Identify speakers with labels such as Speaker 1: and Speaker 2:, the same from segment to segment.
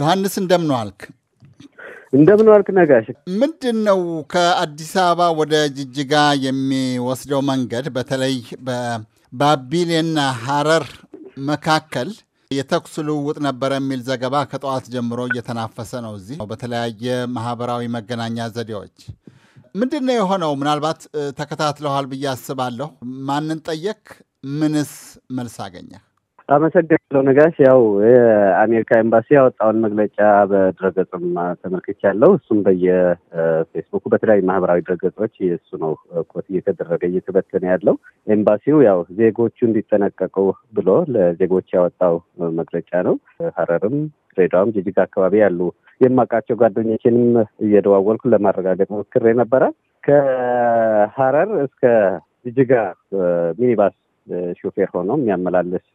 Speaker 1: ዮሐንስ እንደምን ዋልክ?
Speaker 2: እንደምን ዋልክ ነጋሽ።
Speaker 1: ምንድን ነው ከአዲስ አበባ ወደ ጅጅጋ የሚወስደው መንገድ በተለይ በባቢሌና ሀረር መካከል የተኩስ ልውውጥ ነበረ የሚል ዘገባ ከጠዋት ጀምሮ እየተናፈሰ ነው። እዚህ በተለያየ ማህበራዊ መገናኛ ዘዴዎች ምንድን ነው የሆነው? ምናልባት ተከታትለዋል ብዬ አስባለሁ። ማንን ጠየቅ? ምንስ መልስ አገኘህ?
Speaker 2: አመሰግናለሁ ነጋሽ። ያው የአሜሪካ ኤምባሲ ያወጣውን መግለጫ በድረገጽም ተመልክቻለሁ። እሱም በየፌስቡኩ በተለያዩ ማህበራዊ ድረገጾች የእሱ ነው ኮት እየተደረገ እየተበተነ ያለው። ኤምባሲው ያው ዜጎቹ እንዲጠነቀቁ ብሎ ለዜጎች ያወጣው መግለጫ ነው። ሀረርም ድሬዳዋም ጅጅጋ አካባቢ ያሉ የማውቃቸው ጓደኞችንም እየደዋወልኩ ለማረጋገጥ ሞክሬ ነበረ። ከሀረር እስከ ጅጅጋ ሚኒባስ ሾፌር ሆኖ የሚያመላልስ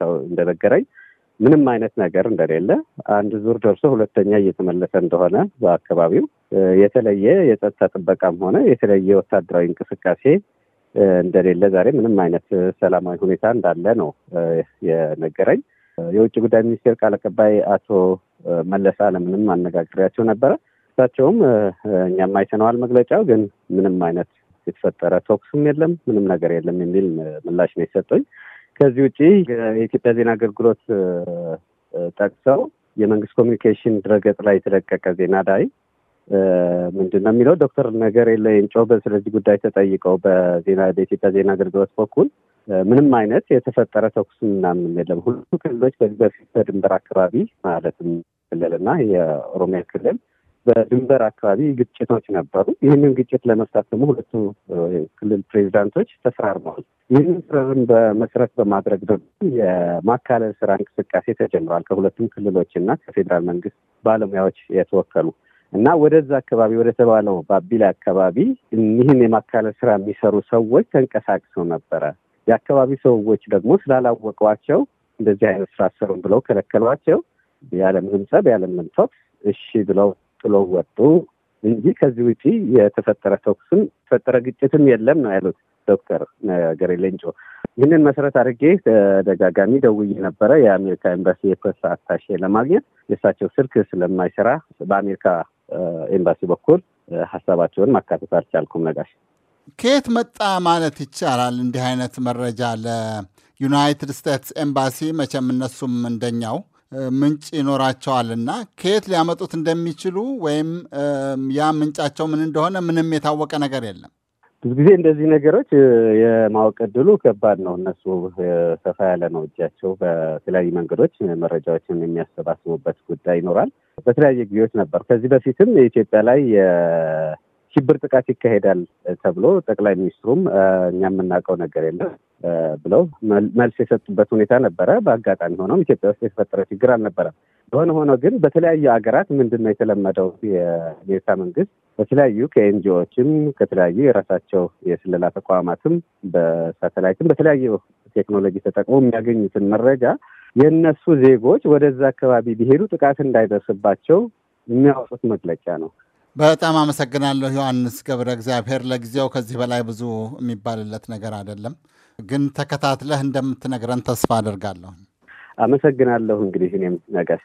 Speaker 2: ሰው እንደነገረኝ ምንም አይነት ነገር እንደሌለ አንድ ዙር ደርሶ ሁለተኛ እየተመለሰ እንደሆነ በአካባቢው የተለየ የጸጥታ ጥበቃም ሆነ የተለየ ወታደራዊ እንቅስቃሴ እንደሌለ ዛሬ ምንም አይነት ሰላማዊ ሁኔታ እንዳለ ነው የነገረኝ። የውጭ ጉዳይ ሚኒስቴር ቃል አቀባይ አቶ መለስ አለምንም አነጋግሬያቸው ነበረ። እሳቸውም እኛም አይተነዋል፣ መግለጫው ግን ምንም አይነት የተፈጠረ ተኩስም የለም ምንም ነገር የለም የሚል ምላሽ ነው የሰጠኝ። ከዚህ ውጭ የኢትዮጵያ ዜና አገልግሎት ጠቅሰው የመንግስት ኮሚኒኬሽን ድረገጽ ላይ የተለቀቀ ዜና ላይ ምንድን ነው የሚለው ዶክተር ነገር የለይን ጮበ ስለዚህ ጉዳይ ተጠይቀው በዜና በኢትዮጵያ ዜና አገልግሎት በኩል ምንም አይነት የተፈጠረ ተኩስ ምናምንም የለም። ሁሉ ክልሎች በዚህ በፊት በድንበር አካባቢ ማለትም ክልልና የኦሮሚያ ክልል በድንበር አካባቢ ግጭቶች ነበሩ። ይህንን ግጭት ለመፍታት ደግሞ ሁለቱ ክልል ፕሬዚዳንቶች ተፈራርመዋል። ይህንን ጥረብን በመሰረት በማድረግ ደግሞ የማካለል ስራ እንቅስቃሴ ተጀምሯል። ከሁለቱም ክልሎች እና ከፌዴራል መንግስት ባለሙያዎች የተወከሉ እና ወደዛ አካባቢ ወደ ተባለው ባቢላ አካባቢ ይህን የማካለል ስራ የሚሰሩ ሰዎች ተንቀሳቅሰው ነበረ። የአካባቢ ሰዎች ደግሞ ስላላወቀዋቸው እንደዚህ አይነት ስራ ሰሩን ብለው ከለከሏቸው። ያለምንም ጸብ፣ ያለምንም ቶክስ እሺ ብለው ጥሎ ወጡ እንጂ ከዚህ ውጪ የተፈጠረ ተኩስም የተፈጠረ ግጭትም የለም ነው ያሉት ዶክተር ነገሪ ሌንጮ። ይህንን መሰረት አድርጌ ተደጋጋሚ ደውዬ ነበረ የአሜሪካ ኤምባሲ የፕሬስ አታሼ ለማግኘት የእሳቸው ስልክ ስለማይሰራ በአሜሪካ ኤምባሲ በኩል ሀሳባቸውን ማካተት አልቻልኩም። ነጋሽ
Speaker 1: ከየት መጣ ማለት ይቻላል እንዲህ አይነት መረጃ ለዩናይትድ ስቴትስ ኤምባሲ? መቼም እነሱም እንደኛው ምንጭ ይኖራቸዋልና ከየት ሊያመጡት እንደሚችሉ ወይም ያ ምንጫቸው ምን እንደሆነ ምንም የታወቀ ነገር የለም።
Speaker 2: ብዙ ጊዜ እንደዚህ ነገሮች የማወቅ እድሉ ከባድ ነው። እነሱ ሰፋ ያለ ነው እጃቸው። በተለያዩ መንገዶች መረጃዎችን የሚያሰባስቡበት ጉዳይ ይኖራል። በተለያየ ጊዜዎች ነበር። ከዚህ በፊትም ኢትዮጵያ ላይ ሽብር ጥቃት ይካሄዳል ተብሎ ጠቅላይ ሚኒስትሩም እኛ የምናውቀው ነገር የለም ብለው መልስ የሰጡበት ሁኔታ ነበረ። በአጋጣሚ ሆኖም ኢትዮጵያ ውስጥ የተፈጠረ ችግር አልነበረም። የሆነ ሆኖ ግን በተለያዩ ሀገራት ምንድን ነው የተለመደው? የአሜሪካ መንግስት በተለያዩ ከኤንጂኦዎችም ከተለያዩ የራሳቸው የስለላ ተቋማትም በሳተላይትም በተለያዩ ቴክኖሎጂ ተጠቅሞ የሚያገኙትን መረጃ የእነሱ ዜጎች ወደዛ አካባቢ ቢሄዱ ጥቃት እንዳይደርስባቸው የሚያወጡት መግለጫ ነው።
Speaker 1: በጣም አመሰግናለሁ ዮሐንስ ገብረ እግዚአብሔር። ለጊዜው ከዚህ በላይ ብዙ የሚባልለት ነገር አይደለም፣ ግን ተከታትለህ እንደምትነግረን ተስፋ አደርጋለሁ።
Speaker 2: አመሰግናለሁ። እንግዲህ እኔም ነገር